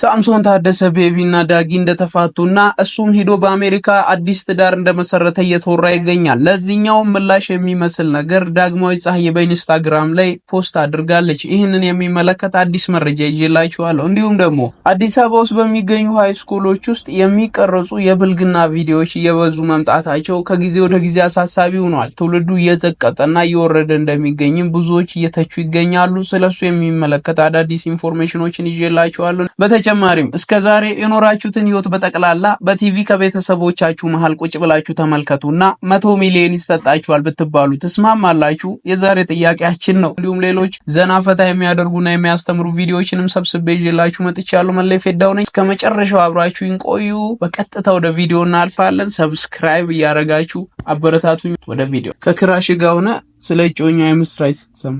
ሳምሶን ታደሰ ቤቢ እና ዳጊ እንደተፋቱና እሱም ሂዶ በአሜሪካ አዲስ ትዳር እንደመሰረተ እየተወራ ይገኛል። ለዚህኛው ምላሽ የሚመስል ነገር ዳግማዊ ፀሐይ በኢንስታግራም ላይ ፖስት አድርጋለች። ይህንን የሚመለከት አዲስ መረጃ ይዤላችኋለሁ። እንዲሁም ደግሞ አዲስ አበባ ውስጥ በሚገኙ ሀይ ስኩሎች ውስጥ የሚቀረጹ የብልግና ቪዲዮዎች እየበዙ መምጣታቸው ከጊዜ ወደ ጊዜ አሳሳቢ ሆኗል። ትውልዱ እየዘቀጠና እየወረደ እንደሚገኝም ብዙዎች እየተቹ ይገኛሉ። ስለሱ የሚመለከት አዳዲስ ኢንፎርሜሽኖችን ይዤላችኋለሁ። በተጨማሪም እስከ ዛሬ የኖራችሁትን ህይወት በጠቅላላ በቲቪ ከቤተሰቦቻችሁ መሃል ቁጭ ብላችሁ ተመልከቱና መቶ ሚሊዮን ይሰጣችኋል ብትባሉ ትስማማላችሁ? የዛሬ ጥያቄያችን ነው። እንዲሁም ሌሎች ዘና ፈታ የሚያደርጉና የሚያስተምሩ ቪዲዮዎችንም ሰብስቤ ይዤላችሁ መጥቻለሁ። መለይ ፌዳው ነኝ። እስከ መጨረሻው አብራችሁ ቆዩ። በቀጥታ ወደ ቪዲዮ እናልፋለን። ሰብስክራይብ እያደረጋችሁ አበረታቱኝ። ወደ ቪዲዮ ከክራሽ ጋር ሆነ ስለ እጮኛ የምስራች ስትሰማ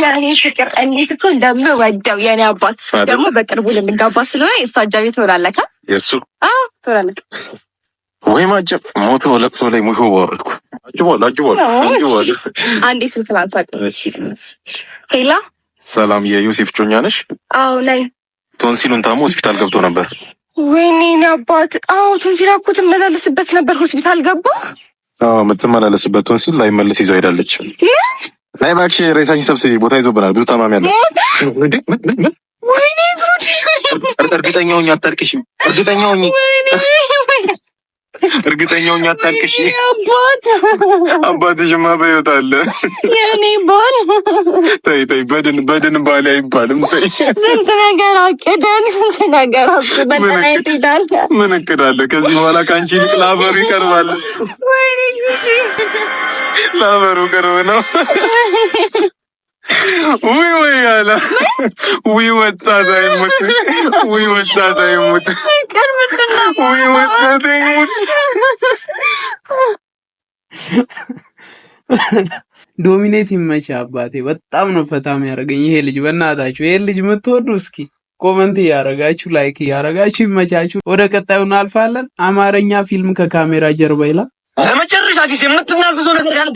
የኔ ፍቅር እንዴት እኮ እንደምወደው የኔ አባት ደግሞ በቅርቡ ልንጋባ ስለሆነ የእሱ አጃቢ ትሆናለህ። ትሆናለህ ወይ? ማጀብ ለቅሶ ላይ ሙሾ አጅቧል፣ አጅቧል፣ አጅቧል። አንዴ ስልክ ላንሳቅ። ሄላ ሰላም፣ የዮሴፍ ጮኛ ነሽ? አዎ ነኝ። ቶንሲሉን ታሞ ሆስፒታል ገብቶ ነበር። ወይኔን አባት፣ አዎ ቶንሲል እኮ ትመላለስበት ነበር። ሆስፒታል ገባ። አዎ የምትመላለስበት ቶንሲል ላይመለስ ይዘው ሄዳለች። ናይ ባክሽ ሬሳሽን ሰብስቢ ቦታ ይዞብናል። ብዙ ታማሚ ያለ እርግጠኛ ሆኜ አታልቅሽም። እርግጠኛ ሆኜ እርግጠኛውን አታልቅሽ። አባት አባትሽማ በሕይወት አለ። የኔ ባል ተይ ተይ፣ በድን በድን ባል አይባልም። ተይ ስንት ነገር አቅደን ስንት ነገር አቅደን ምን እቅዳለሁ? ከዚህ በኋላ ከአንቺ ይልቅ ለአበሩ ይቀርባል። ለአበሩ ቅርብ ነው። ውይ ወይ ያለ ውይ ወጣት አይሙት፣ ውይ ወጣት አይሙት፣ ውይ ወጣት አይሙት። ዶሚኔት ይመች አባቴ። በጣም ነው ፈታም ያደረገኝ ይሄ ልጅ። በእናታችሁ ይሄ ልጅ የምትወዱ እስኪ ኮመንት እያረጋችሁ ላይክ እያረጋችሁ ይመቻችሁ። ወደ ቀጣዩ እናልፋለን። አማርኛ ፊልም ከካሜራ ጀርባ ይላል። ጊዜ የምትናዘዘው ነገር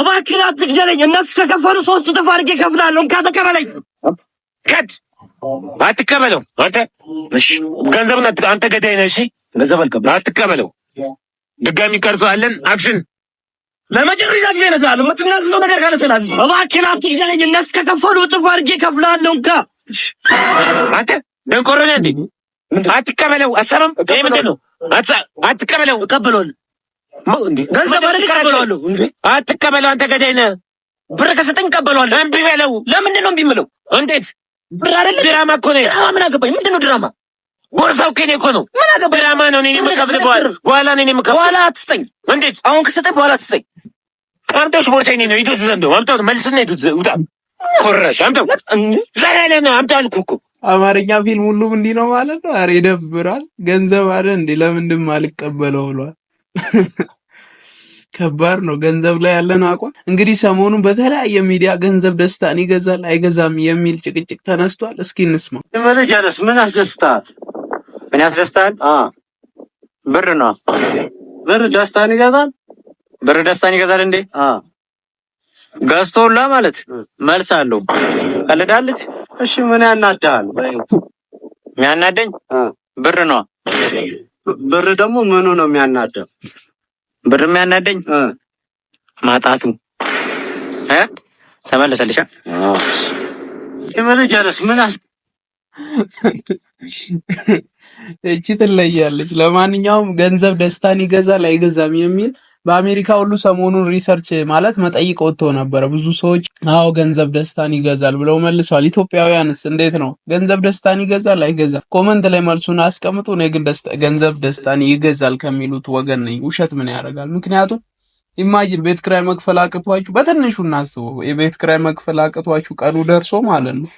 እባክህን አትግደለኝ። እነሱ ከከፈሉ ሶስት እጥፍ አድርጌ እከፍልሃለሁ። እንካ ተቀበለኝ። ከድ አትቀበለው። አንተ እሺ፣ አንተ ገዳይ ነህ። እሺ፣ ገንዘብ አትቀበለው። ድጋሚ ቀርጸዋለን። አክሽን ለመጨረሻ ጊዜ የምትናዘዘው ነገር እባክህን አትግደለኝ። እነሱ ከከፈሉ እጥፍ አድርጌ እከፍልሃለሁ። እንካ አንተ ደንቆሮ ነህ እንዴ? አትቀበለው። አሰብም ይሄ ምንድን ነው? አትቀበለው። እቀበለዋለሁ አትቀበለው፣ አንተ ገዳይ ነህ። ብር ከሰጠኝ እቀበለዋለሁ። እምቢ በለው። ለምንድን ነው እምቢ የምለው? እንዴት ብር አይደለም ድራማ እኮ ነው። ድራማ ምን አገባኝ? ምንድን ነው ድራማ? ከኔ እኮ ነው። ምን አገባኝ? ድራማ ነው። እኔ የምከፍልህ በኋላ ነው። እኔ የምከፍልህ በኋላ አትስጠኝ። እንዴት አሁን ከሰጠኝ በኋላ አትስጠኝ። አምጣሽ፣ ነው። ሂዱት ዘንዶ አምጣው፣ መልስና ሂዱት አምጣው። ዘላለ ነው አምጣው አልኩህ እኮ አማርኛ ፊልም ሁሉም እንዲህ ነው ማለት ነው። ኧረ ይደብራል። ገንዘብ አይደል እንዴ? ለምንድን አልቀበለው ብሏል። ከባድ ነው። ገንዘብ ላይ ያለን አቋም እንግዲህ ሰሞኑን በተለያየ ሚዲያ ገንዘብ ደስታን ይገዛል አይገዛም የሚል ጭቅጭቅ ተነስቷል። እስኪ እንስማ። መለጃነስ ምን ያስደስታል? ምን ያስደስታል? ብር ነው። ብር ደስታን ይገዛል። ብር ደስታን ይገዛል እንዴ? ገዝቶላ ማለት መልስ አለው። ቀልዳለች። እሺ ምን ያናዳል? የሚያናደኝ ብር ነው። ብር ደግሞ ምኑ ነው የሚያናደው? ብር የሚያናደኝ ማጣቱ። ተመለሰልሻ ምን አል እቺ ትለያለች። ለማንኛውም ገንዘብ ደስታን ይገዛል አይገዛም የሚል በአሜሪካ ሁሉ ሰሞኑን ሪሰርች ማለት መጠይቅ ወጥቶ ነበረ። ብዙ ሰዎች አዎ ገንዘብ ደስታን ይገዛል ብለው መልሰዋል። ኢትዮጵያውያንስ እንዴት ነው? ገንዘብ ደስታን ይገዛል አይገዛም? ኮመንት ላይ መልሱን አስቀምጡ። እኔ ግን ገንዘብ ደስታን ይገዛል ከሚሉት ወገን ነኝ። ውሸት ምን ያደርጋል? ምክንያቱም ኢማጂን ቤት ክራይ መክፈል አቅቷችሁ፣ በትንሹ እናስበው፣ የቤት ክራይ መክፈል አቅቷችሁ ቀኑ ደርሶ ማለት ነው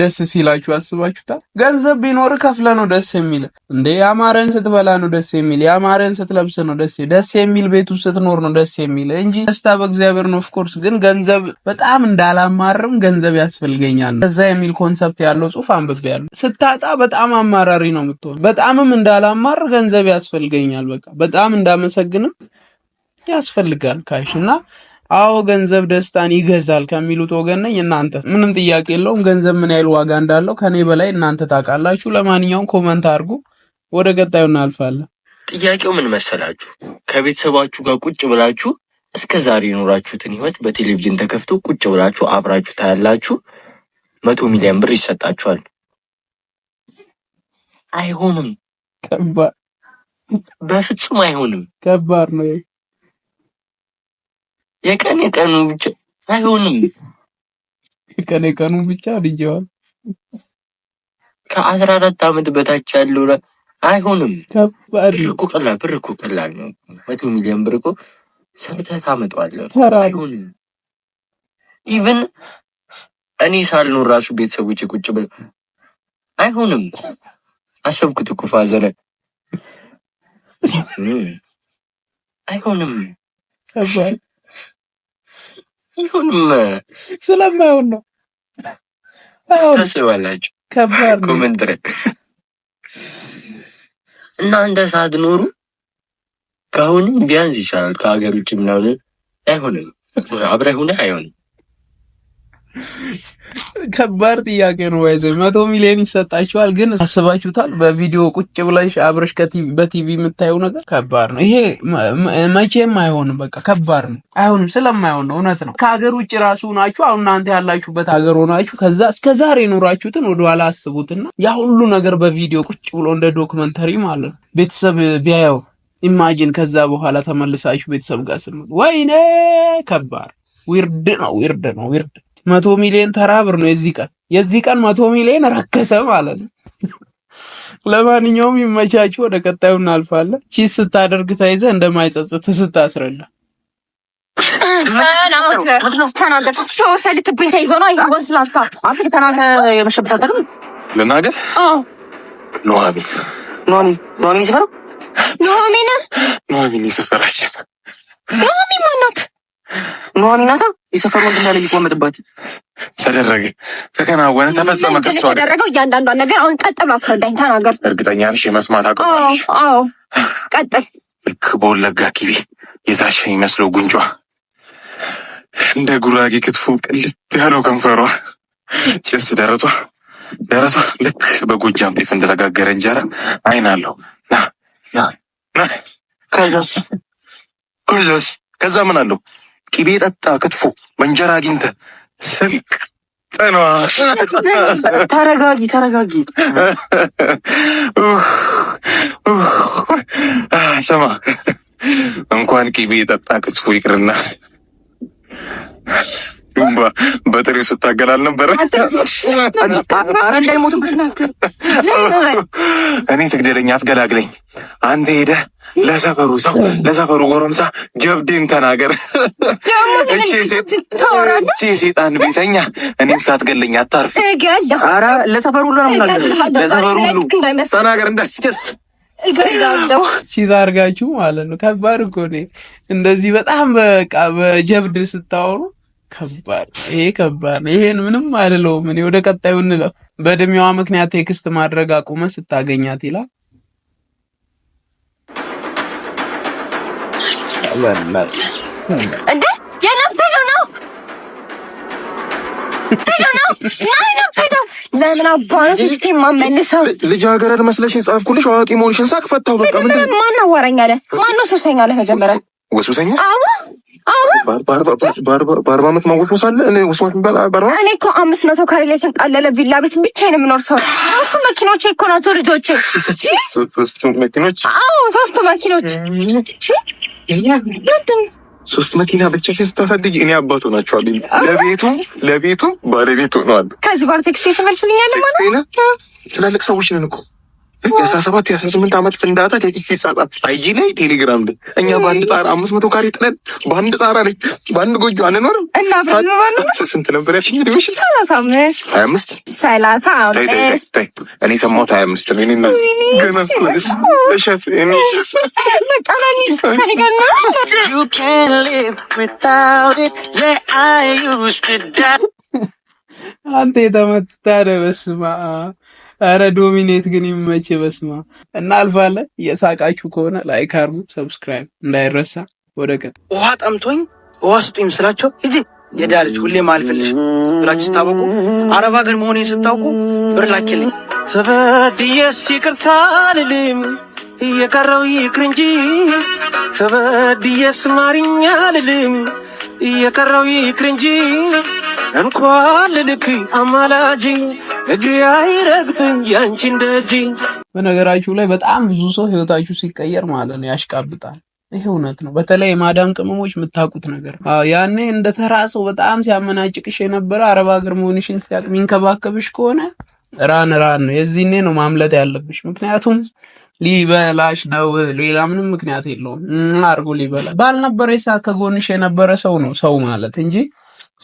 ደስ ሲላችሁ አስባችሁታል? ገንዘብ ቢኖር ከፍለ ነው ደስ የሚል እንዴ? ያማረን ስትበላ ነው ደስ የሚል፣ ያማረን ስትለብስ ነው ደስ ደስ የሚል፣ ቤቱ ስትኖር ነው ደስ የሚል እንጂ ደስታ በእግዚአብሔር ነው። ኦፍኮርስ ግን ገንዘብ በጣም እንዳላማርም ገንዘብ ያስፈልገኛል ከዛ የሚል ኮንሰፕት ያለው ጽሁፍ አንብቤ ያለው ስታጣ በጣም አማራሪ ነው የምትሆን። በጣምም እንዳላማር ገንዘብ ያስፈልገኛል። በቃ በጣም እንዳመሰግንም ያስፈልጋል ካሽ እና አዎ ገንዘብ ደስታን ይገዛል ከሚሉት ወገን ነኝ። እናንተ ምንም ጥያቄ የለውም። ገንዘብ ምን ያህል ዋጋ እንዳለው ከኔ በላይ እናንተ ታውቃላችሁ። ለማንኛውም ኮመንት አድርጉ። ወደ ቀጣዩ እናልፋለን። ጥያቄው ምን መሰላችሁ? ከቤተሰባችሁ ጋር ቁጭ ብላችሁ እስከ ዛሬ የኖራችሁትን ህይወት በቴሌቪዥን ተከፍቶ ቁጭ ብላችሁ አብራችሁ ታያላችሁ። መቶ ሚሊዮን ብር ይሰጣችኋል። አይሆንም። በፍጹም አይሆንም። ከባድ ነው። የቀን የቀኑ ብቻ አይሆንም። የቀን የቀኑ ብቻ ብዬዋል። ከአስራ አራት ዓመት በታች ያለው አይሆንም። ብር እኮ ቀላል ብር እኮ ቀላል ነው። መቶ ሚሊዮን ብር እኮ ሰርተህ ታመጣዋለህ። አይሆንም። ኢቭን እኔ ሳልኖር ራሱ ቤተሰቦች ቁጭ ብለው አይሆንም። አሰብኩት እኮ ፋዘረ አይሆንም። ይሁንም ስለማይሆን ነው። ታስባላችሁ? ከባድ ነው። ኮሜንት እናንተ ኖሩ ከአሁን ቢያንስ ይሻላል። ከሀገር ውጭ ምናምን አይሆንም። አብረህ ሁነህ አይሆንም ከባድ ጥያቄ ነው። ይዘ መቶ ሚሊዮን ይሰጣችኋል፣ ግን አስባችሁታል? በቪዲዮ ቁጭ ብለሽ አብረሽ በቲቪ የምታየው ነገር ከባድ ነው። ይሄ መቼም አይሆንም። በቃ ከባድ ነው፣ አይሆንም። ስለማይሆን ነው። እውነት ነው። ከሀገር ውጭ ራሱ ናችሁ። አሁን እናንተ ያላችሁበት ሀገር ሆናችሁ ከዛ እስከ ዛሬ የኖራችሁትን ወደኋላ አስቡትና ያ ሁሉ ነገር በቪዲዮ ቁጭ ብሎ እንደ ዶክመንተሪ ማለት ነው ቤተሰብ ቢያየው ኢማጂን። ከዛ በኋላ ተመልሳችሁ ቤተሰብ ጋር ስም ወይኔ፣ ከባድ ዊርድ ነው፣ ዊርድ ነው፣ ዊርድ መቶ ሚሊዮን ተራ ብር ነው የዚህ ቀን የዚህ ቀን መቶ ሚሊዮን ረከሰ ማለት ነው። ለማንኛውም ይመቻችሁ። ወደ ቀጣዩ እናልፋለን። ቺት ስታደርግ ተይዘ እንደማይጸጽት ስታስረዳ ልናገር ኑሐሚን ኑሐሚን የሰፈረው ኑሐሚን ማናት? ኑሐሚን ናታ የሰፈር ወንድ እንዳለ የሚቆመጥባት ተደረገ፣ ተከናወነ፣ ተፈጸመ። ተደረገው እያንዳንዷን ነገር አሁን ቀጥል፣ አስረዳኝ፣ ተናገር። እርግጠኛ ነሽ የመስማት አቅማለሽ? ቀጥል። ልክ በወለጋ ኪቢ የታሸ ይመስለው ጉንጯ እንደ ጉራጌ ክትፎ ቅልት ያለው ከንፈሯ፣ ጭስ ደረቷ ደረቷ ልክ በጎጃም ጤፍ እንደተጋገረ እንጀራ አይን አለው። ና ና ና። ከዛስ ከዛስ ከዛ ምን አለው? ቅቤ ጠጣ፣ ክትፎ በእንጀራ አግኝተ ስልቅ ጠኗ። ተረጋጊ ተረጋጊ። ስማ እንኳን ቅቤ ጠጣ፣ ክትፎ ይቅርና ዱምባ በጥሬው ስታገላል ነበረ። እኔ ትግደለኝ አትገላግለኝ። አንተ ሄደህ ለሰፈሩ ሰው ለሰፈሩ ጎረምሳ ጀብዴን ተናገር። እቺ ሴጣን ቤተኛ እኔ ሳትገለኝ አታርፍ። ኧረ ለሰፈሩ ሁሉ ነው ለሰፈሩ ሁሉ ተናገር እንዳይጨርስ ቺታ አድርጋችሁ ማለት ነው። ከባድ እኮ እንደዚህ በጣም በቃ በጀብድ ስታወሩ ከባድ ይሄ ከባድ ነው። ይሄን ምንም አልለውም እኔ። ወደ ቀጣዩ እንለው። በእድሜዋ ምክንያት ቴክስት ማድረግ አቁመ ስታገኛት ይላል እንዴ የነብተዶ ነው ተዶ ነው ናይ ነብተዶ ለምን አባነት ስ መስለሽ ጻፍኩልሽ አዋቂ መሆንሽን ሳቅ ፈታው። በቃ ምንድን ማን አዋረኝ አለ? ማነው ሱሰኛ አለ? መጀመሪያ ወሱሰኛ በአርባ ዓመት ማወስወስ አለ። እኔ እኮ አምስት መቶ ካሬ ላይ የተንጣለለ ቪላ ቤት ብቻዬን የምኖር ሰው እኮ መኪኖቼ እኮ ናቸው ልጆቼ፣ ሶስቱ መኪኖች ሶስቱ መኪኖች ሶስት መኪና ብቻሽን ስታሳድግ እኔ አባቱ ናቸው። ለቤቱ ለቤቱ ባለቤቱ ነው አሉ። ከዚህ ጋር ቴክስቴ ትመልስልኛለህ ማለት ነው። ትላልቅ ሰዎች ነን እኮ የአስራ ሰባት የአስራ ስምንት ዓመት ፍንዳታ ቴክስት ይጻጻፍ አይጂ ላይ ቴሌግራም ላይ እኛ በአንድ ጣራ አምስት መቶ ካሬ ጥለን በአንድ ጣራ ላይ በአንድ ጎጆ አንኖርም። ስንት ነበር ያልሽኝ? ሰላሳ አምስት ሀያ አምስት ሰላሳ አምስት እኔ ሀያ አምስት ነው ገና አረ ዶሚኔት ግን ይመች በስማ እና አልፋለን። እየሳቃችሁ ከሆነ ላይክ አርጉ፣ ሰብስክራይብ እንዳይረሳ። ወደ ቀጥ ውሃ ጠምቶኝ ውሃ ስጡኝ ስላቸው ሂጂ የዳ ልጅ ሁሌም አልፍልሽ ብላችሁ ስታበቁ አረብ ሀገር መሆኔን ስታውቁ ብር ላኪልኝ ተበድዬስ ይቅርታ ልልም እየቀረው ይቅር እንጂ ተበድዬስ ማርኛ አልልም። እየቀረው ይቅር እንጂ እንኳን ልልክ አማላጅ እግሬ አይረግጥም ያንቺን ደጅ። በነገራችሁ ላይ በጣም ብዙ ሰው ህይወታችሁ ሲቀየር ማለት ነው ያሽቃብጣል። ይሄ እውነት ነው። በተለይ የማዳም ቅመሞች የምታውቁት ነገር ያኔ እንደ ተራ ሰው በጣም ሲያመናጭቅሽ የነበረ አረብ ሀገር መሆንሽን ሲያቅ የሚንከባከብሽ ከሆነ ራን ራን ነው። የዚህኔ ነው ማምለጥ ያለብሽ፣ ምክንያቱም ሊበላሽ ነው። ሌላ ምንም ምክንያት የለውም። አርጎ ሊበላ ባልነበረ ሰዓት ከጎንሽ የነበረ ሰው ነው ሰው ማለት እንጂ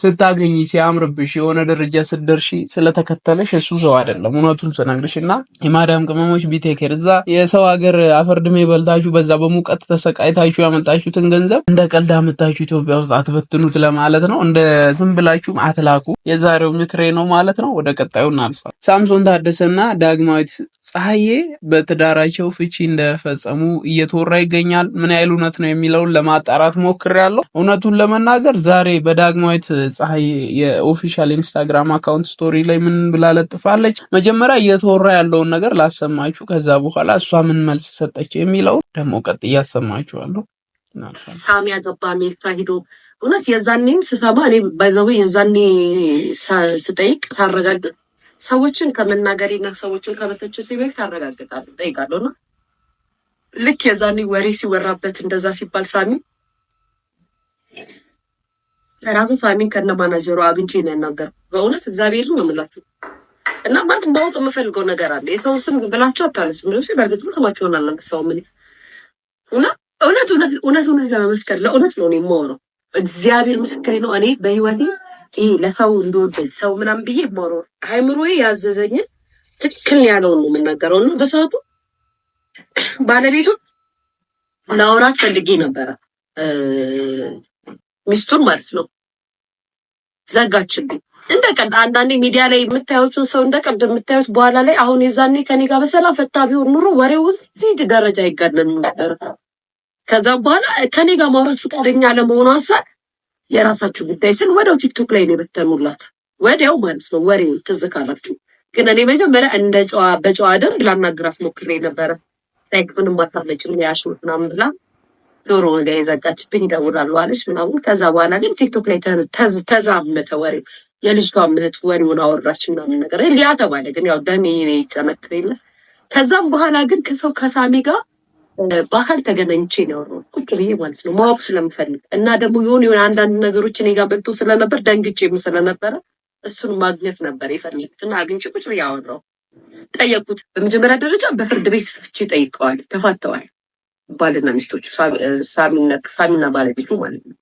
ስታገኝ ሲያምርብሽ የሆነ ደረጃ ስትደርሺ ስለተከተለሽ እሱ ሰው አይደለም። እውነቱን ስነግርሽ እና የማዳም ቅመሞች ቢቴክር እዛ የሰው ሀገር አፈርድሜ በልታችሁ በዛ በሙቀት ተሰቃይታችሁ ያመጣችሁትን ገንዘብ እንደ ቀልድ አመታችሁ ኢትዮጵያ ውስጥ አትበትኑት ለማለት ነው። እንደ ዝም አትላኩ። የዛሬው ምክሬ ነው ማለት ነው። ወደ ቀጣዩ እናልፋል። ሳምሶን ታደሰና ዳግማዊት ፀሐዬ በትዳራቸው ፍቺ እንደፈጸሙ እየተወራ ይገኛል። ምን ያህል እውነት ነው የሚለውን ለማጣራት ሞክሬያለሁ። እውነቱን ለመናገር ዛሬ በዳግማዊት ፀሐዬ የኦፊሻል ኢንስታግራም አካውንት ስቶሪ ላይ ምን ብላ ለጥፋለች? መጀመሪያ እየተወራ ያለውን ነገር ላሰማችሁ፣ ከዛ በኋላ እሷ ምን መልስ ሰጠች የሚለውን ደግሞ ቀጥ እያሰማችኋለሁ። ሳሚ ያገባ አሜሪካ ሂዶ እውነት የዛኔም ስሰማ እኔ ባይዘዌ የዛኔ ስጠይቅ ሳረጋግጥ ሰዎችን ከመናገሬና ሰዎችን ከመተቸት በፊት አረጋግጣለሁ እጠይቃለሁ። እና ልክ የዛኔ ወሬ ሲወራበት እንደዛ ሲባል ሳሚ ራሱ ሳሚን ከነ ማናጀሩ አግኝቼ ነው ያናገርኩት። በእውነት እግዚአብሔር ነው የምላችሁ። እና ማለት እንዳወጡ የምፈልገው ነገር አለ። የሰው ስም ዝም ብላችሁ አታለሱ። በእርግጥ ስማችሁን አልነግሰውም እኔ እና እውነት እውነት እውነት እውነት ለመመስከር ለእውነት ነው የማወራው። እግዚአብሔር ምስክሬ ነው። እኔ በህይወቴ ለሰው እንደወደድ ሰው ምናምን ብዬ ማሮር አይምሮ ያዘዘኝ ትክክል ያለው ነው የምናገረው። እና በሰዓቱ ባለቤቱ ለአውራት ፈልጌ ነበረ ሚስቱን ማለት ነው። ዘጋችብኝ። እንደ አንዳንዴ ሚዲያ ላይ የምታዩትን ሰው እንደ ቀልድ የምታዩት በኋላ ላይ አሁን የዛኔ ከኔ ጋር በሰላም ፈታ ቢሆን ኑሮ ወሬው እዚህ ደረጃ አይጋነንም ነበር። ከዛ በኋላ ከኔ ጋር ማውራት ፈቃደኛ ለመሆኑ ሀሳብ የራሳችሁ ጉዳይ ስል ወደው ቲክቶክ ላይ ነው የበተኑላት። ወዲያው ማለት ነው ወሬ ትዝ ካላችሁ። ግን እኔ መጀመሪያ እንደ ጨዋ በጨዋ ደንብ ላናግራት ሞክሬ ነበረ። ላይክ ምንም አታመጭም ያሽሙት ምናምን ብላ ጆሮ ላይ የዘጋችብኝ ይደውላሉ አለች ምናምን። ከዛ በኋላ ግን ቲክቶክ ላይ ተዛመተ ወሬው። የልጅቷ እህት ወሬውን አወራች ምናምን ነገር ሊያ ተባለ። ግን ያው ደሜ ይጨመክር የለ ከዛም በኋላ ግን ከሰው ከሳሚ ጋር ባህል ተገናኝቼ ነው ያወራሁት፣ ቁጭ ብዬ ማለት ነው ማወቅ ስለምፈልግ እና ደግሞ የሆነ የሆነ አንዳንድ ነገሮች እኔ ጋር በልቶ ስለነበር ደንግጬም ስለነበረ እሱን ማግኘት ነበር የፈለግኩት እና አግኝቼ ቁጭ ብዬ አወራሁ። ጠየቁት። በመጀመሪያ ደረጃ በፍርድ ቤት ፍቺ ጠይቀዋል፣ ተፋተዋል። ባልና ሚስቶቹ ሳሚና ባለቤቱ ማለት ነው።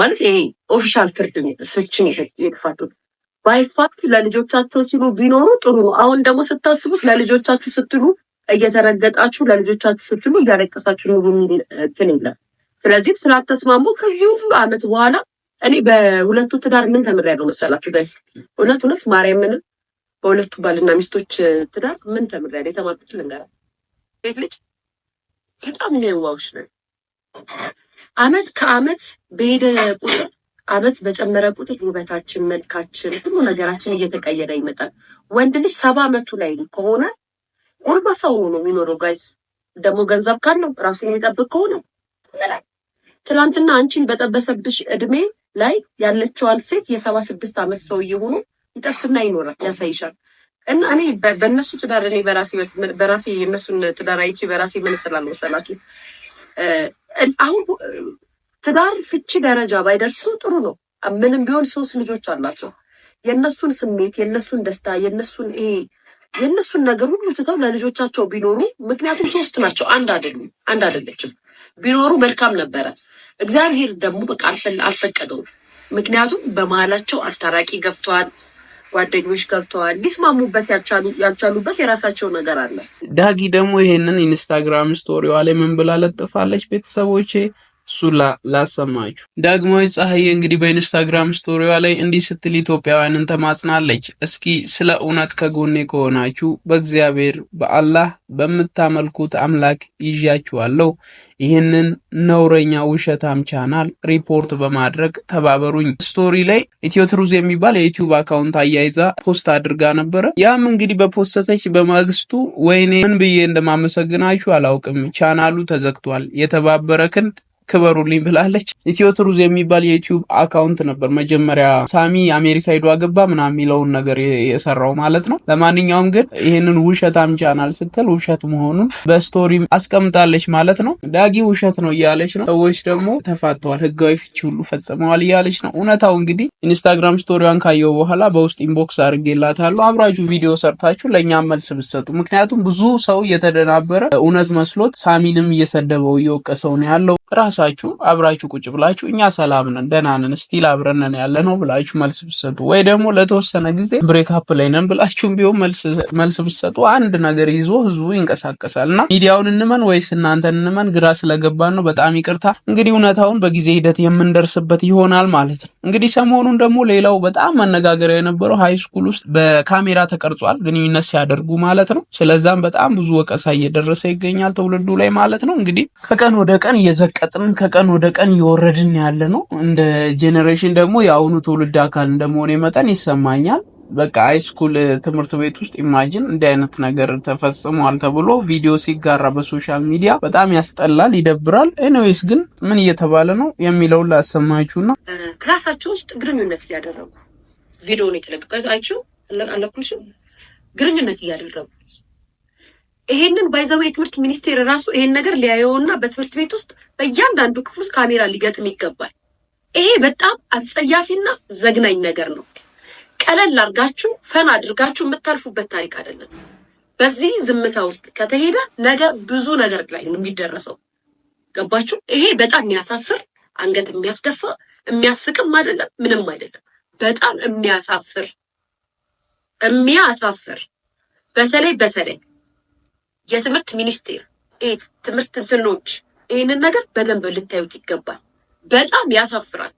ማለት ይሄ ኦፊሻል ፍርድ ፍችን የተፋቱት ባይፋቱ ለልጆቻቸው ሲሉ ቢኖሩ ጥሩ ነው። አሁን ደግሞ ስታስቡት ለልጆቻችሁ ስትሉ እየተረገጣችሁ ለልጆቻችሁ ስትሉ እያለቀሳችሁ ነው የሚል እንትን የለም። ስለዚህም ስላልተስማሙ ከዚህ ሁሉ አመት በኋላ እኔ በሁለቱ ትዳር ምን ተምሬያለሁ መሰላችሁ ጋይስ? እውነት እውነት ማርያምን በሁለቱ ባልና ሚስቶች ትዳር ምን ተምሬያለሁ የተማርኩት ልንገራል። ሴት ልጅ በጣም ነው ዋውሽ ነው። አመት ከአመት በሄደ ቁጥር አመት በጨመረ ቁጥር ውበታችን፣ መልካችን፣ ሁሉ ነገራችን እየተቀየረ ይመጣል። ወንድ ልጅ ሰባ አመቱ ላይ ከሆነ ጎልማሳ ሆኖ ነው የሚኖረው። ጋይስ ደግሞ ገንዘብ ካለው ራሱ የሚጠብቅ ከሆነ ትላንትና አንቺን በጠበሰብሽ እድሜ ላይ ያለችዋን ሴት የሰባ ስድስት ዓመት ሰውዬ ሆኖ ይጠብስና ይኖራል፣ ያሳይሻል። እና እኔ በእነሱ ትዳር እኔ በራሴ የእነሱን ትዳር አይቼ በራሴ ምን ስላል መሰላችሁ አሁን ትዳር ፍቺ ደረጃ ባይደርሱ ጥሩ ነው። ምንም ቢሆን ሶስት ልጆች አላቸው። የእነሱን ስሜት የእነሱን ደስታ የእነሱን ይሄ የእነሱን ነገር ሁሉ ትተው ለልጆቻቸው ቢኖሩ፣ ምክንያቱም ሶስት ናቸው፣ አንድ አይደሉም፣ አንድ አይደለችም። ቢኖሩ መልካም ነበረ። እግዚአብሔር ደግሞ በቃ አልፈቀደውም። ምክንያቱም በመሀላቸው አስታራቂ ገብተዋል፣ ጓደኞች ገብተዋል። ሊስማሙበት ያልቻሉበት የራሳቸው ነገር አለ። ዳጊ ደግሞ ይሄንን ኢንስታግራም ስቶሪዋ ላይ ምን ብላ ለጥፋለች? ቤተሰቦቼ እሱ ላሰማችሁ። ዳግማዊት ፀሐዬ እንግዲህ በኢንስታግራም ስቶሪዋ ላይ እንዲህ ስትል ኢትዮጵያውያንን ተማጽናለች። እስኪ ስለ እውነት ከጎኔ ከሆናችሁ በእግዚአብሔር በአላህ በምታመልኩት አምላክ ይዣችኋለሁ። ይህንን ነውረኛ ውሸታም ቻናል ሪፖርት በማድረግ ተባበሩኝ። ስቶሪ ላይ ኢትዮ ትሩዝ የሚባል የዩቲዩብ አካውንት አያይዛ ፖስት አድርጋ ነበረ። ያም እንግዲህ በፖስተተች በማግስቱ ወይኔ ምን ብዬ እንደማመሰግናችሁ አላውቅም፣ ቻናሉ ተዘግቷል። የተባበረ ክንድ ክበሩልኝ ብላለች። ኢትዮ ትሩዝ የሚባል የዩቲዩብ አካውንት ነበር መጀመሪያ ሳሚ አሜሪካ ሄዶ አገባ ምናምን የሚለውን ነገር የሰራው ማለት ነው። ለማንኛውም ግን ይህንን ውሸታም ቻናል ስትል ውሸት መሆኑን በስቶሪ አስቀምጣለች ማለት ነው። ዳጊ ውሸት ነው እያለች ነው። ሰዎች ደግሞ ተፋተዋል፣ ህጋዊ ፍቺ ሁሉ ፈጽመዋል እያለች ነው። እውነታው እንግዲህ ኢንስታግራም ስቶሪዋን ካየው በኋላ በውስጥ ኢንቦክስ አድርጌላታለሁ። አብራጁ ቪዲዮ ሰርታችሁ ለእኛ መልስ ብሰጡ። ምክንያቱም ብዙ ሰው እየተደናበረ እውነት መስሎት ሳሚንም እየሰደበው እየወቀሰው ነው ያለው። ራሳችሁ አብራችሁ ቁጭ ብላችሁ እኛ ሰላም ነን ደህና ነን ስቲል አብረነን ያለ ነው ብላችሁ መልስ ብትሰጡ፣ ወይ ደግሞ ለተወሰነ ጊዜ ብሬክአፕ ላይ ነን ብላችሁም ቢሆን መልስ ብትሰጡ አንድ ነገር ይዞ ህዝቡ ይንቀሳቀሳል። እና ሚዲያውን እንመን ወይስ እናንተን እንመን? ግራ ስለገባን ነው። በጣም ይቅርታ። እንግዲህ እውነታውን በጊዜ ሂደት የምንደርስበት ይሆናል ማለት ነው። እንግዲህ ሰሞኑን ደግሞ ሌላው በጣም መነጋገሪያ የነበረው ሀይ ስኩል ውስጥ በካሜራ ተቀርጿል ግንኙነት ሲያደርጉ ማለት ነው። ስለዛም በጣም ብዙ ወቀሳ እየደረሰ ይገኛል ትውልዱ ላይ ማለት ነው። እንግዲህ ከቀን ወደ ቀን እየዘ ቀጥረን ከቀን ወደ ቀን እየወረድን ያለ ነው። እንደ ጄኔሬሽን ደግሞ የአሁኑ ትውልድ አካል እንደመሆኔ መጠን ይሰማኛል። በቃ ሃይስኩል ትምህርት ቤት ውስጥ ኢማጂን እንዲህ አይነት ነገር ተፈጽሟል ተብሎ ቪዲዮ ሲጋራ በሶሻል ሚዲያ በጣም ያስጠላል፣ ይደብራል። ኤኒዌይስ ግን ምን እየተባለ ነው የሚለውን ላሰማችሁ ነው። ክላሳቸው ውስጥ ግንኙነት እያደረጉ ቪዲዮ ነው የተለቀቀ አይችው ግንኙነት እያደረጉ ይሄንን ባይዘው የትምህርት ሚኒስቴር ራሱ ይሄን ነገር ሊያየውና በትምህርት ቤት ውስጥ በእያንዳንዱ ክፍል ውስጥ ካሜራ ሊገጥም ይገባል። ይሄ በጣም አጸያፊና ዘግናኝ ነገር ነው። ቀለል አድርጋችሁ ፈን አድርጋችሁ የምታልፉበት ታሪክ አይደለም። በዚህ ዝምታ ውስጥ ከተሄደ ነገር ብዙ ነገር ላይ ነው የሚደረሰው። ገባችሁ? ይሄ በጣም የሚያሳፍር አንገት የሚያስደፋ የሚያስቅም አይደለም፣ ምንም አይደለም። በጣም የሚያሳፍር የሚያሳፍር በተለይ በተለይ የትምህርት ሚኒስቴር ትምህርት እንትኖች ይህንን ነገር በደንብ ልታዩት ይገባል። በጣም ያሳፍራል።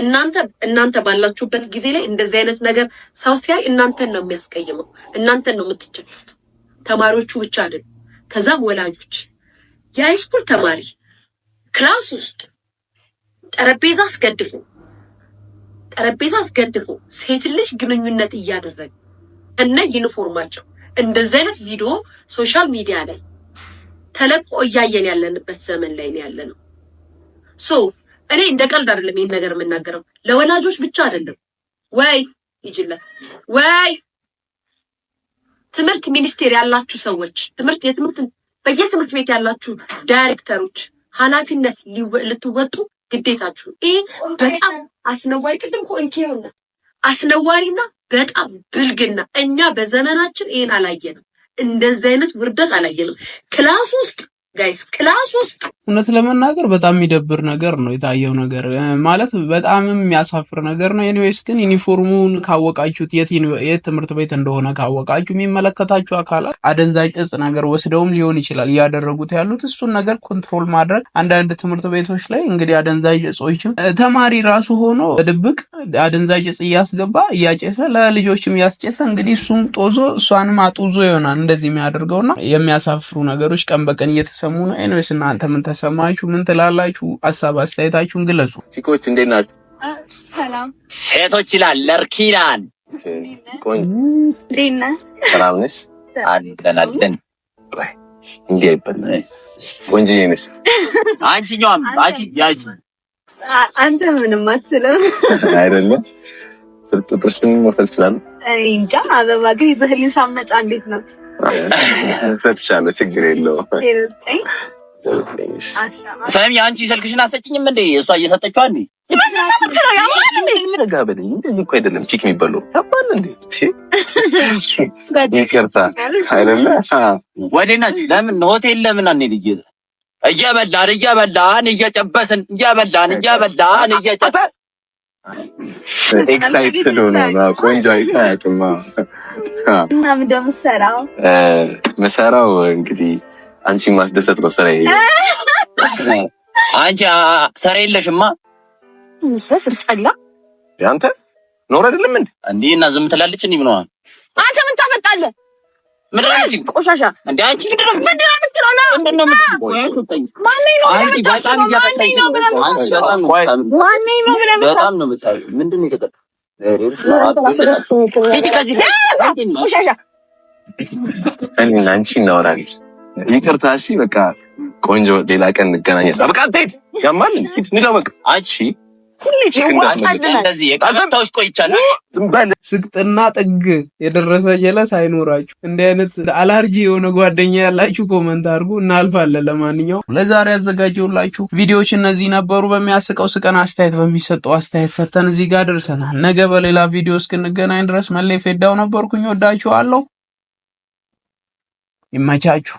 እናንተ እናንተ ባላችሁበት ጊዜ ላይ እንደዚህ አይነት ነገር ሰው ሲያይ እናንተን ነው የሚያስቀይመው። እናንተን ነው የምትጨጩት። ተማሪዎቹ ብቻ አይደሉ፣ ከዛም ወላጆች። የሃይስኩል ተማሪ ክላስ ውስጥ ጠረጴዛ አስገድፎ ጠረጴዛ አስገድፎ ሴት ልጅ ግንኙነት እያደረገ እነ ዩኒፎርማቸው እንደዚህ አይነት ቪዲዮ ሶሻል ሚዲያ ላይ ተለቆ እያየን ያለንበት ዘመን ላይ ነው ያለ ነው። ሶ እኔ እንደ ቀልድ አይደለም ይህን ነገር የምናገረው፣ ለወላጆች ብቻ አይደለም። ወይ ይጅለት ወይ ትምህርት ሚኒስቴር ያላችሁ ሰዎች፣ ትምህርት የትምህርት በየትምህርት ቤት ያላችሁ ዳይሬክተሮች ኃላፊነት ልትወጡ ግዴታችሁ። ይህ በጣም አስነዋሪ ቅድም እኮ እንኪ አስነዋሪና በጣም ብልግና። እኛ በዘመናችን ይሄን አላየንም፣ እንደዚህ አይነት ውርደት አላየንም። ክላስ ውስጥ ጋይስ ክላስ ውስጥ እውነት ለመናገር በጣም የሚደብር ነገር ነው የታየው ነገር ማለት በጣም የሚያሳፍር ነገር ነው። ኤኒዌይስ ግን ዩኒፎርሙን ካወቃችሁት የት ትምህርት ቤት እንደሆነ ካወቃችሁ የሚመለከታችሁ አካላት አደንዛዥ እጽ ነገር ወስደውም ሊሆን ይችላል እያደረጉት ያሉት እሱን ነገር ኮንትሮል ማድረግ አንዳንድ ትምህርት ቤቶች ላይ እንግዲህ አደንዛዥ እጾችም ተማሪ ራሱ ሆኖ በድብቅ አደንዛዥ እጽ እያስገባ እያጨሰ ለልጆችም እያስጨሰ እንግዲህ እሱም ጦዞ እሷንም አጡዞ ይሆናል እንደዚህ የሚያደርገውና የሚያሳፍሩ ነገሮች ቀን በቀን እየተ ሰሙኑ ኤንዌስ እናንተ ምን ተሰማችሁ? ምን ትላላችሁ? ሀሳብ አስተያየታችሁን ግለጹ። ቺኮች እንዴት ናችሁ? ሰላም ሴቶች ይላል ለርኪናን ሰላም ነሽ? አለን እንዲህ አይበል ቆንጆ ነሽ። አንቺኛም አንቺ ያቺ አንተ ምንም አትልም አይደለም። ፍርጥ መውሰድ ይችላል። እንጃ አበባ ግን ይዘህልኝ ሳመጣ እንዴት ነው ሰጥሻለሁ፣ ችግር የለውም። ሰላም የአንቺ ስልክሽን አሰጭኝም እንዴ? እሷ እየሰጠችዋ እንዴ? ረጋ ሆቴል ለምን አንሄድ? እየበላን እየጨበስን እያበላን እያበላን እየጨበስን ኤክሳይትድ ሆነ ቆንጆ አይሳያቅማ እና ምንድን የምትሰራው? ምሰራው እንግዲህ አንቺ ማስደሰት ነው ስራ። አንቺ ስራ የለሽማ ስስጠላ አንተ ኖር አይደለም እንዴ እና ዝም ትላለች። እኔ ምነዋል አንተ ምን ታመጣለህ? ቆሻሻ እንደ አንቺ ነው ነው ይቅርታ እሺ፣ በቃ ቆንጆ፣ ሌላ ቀን እንገናኛለን። በቃ ትሄድ ያማል። ሂድ፣ ንዳ አንቺ ስቅጥና ጥግ የደረሰ ጀለስ አይኖራችሁ። እንዲህ አይነት አላርጂ የሆነ ጓደኛ ያላችሁ ኮመንት አድርጉ፣ እናልፋለን። ለማንኛውም ለዛሬ ያዘጋጀውላችሁ ቪዲዮዎች እነዚህ ነበሩ። በሚያስቀው ስቀን አስተያየት በሚሰጠው አስተያየት ሰጥተን እዚህ ጋር ደርሰናል። ነገ በሌላ ቪዲዮ እስክንገናኝ ድረስ መለይ ፌዳው ነበርኩኝ። ወዳችኋለሁ። ይመቻችሁ።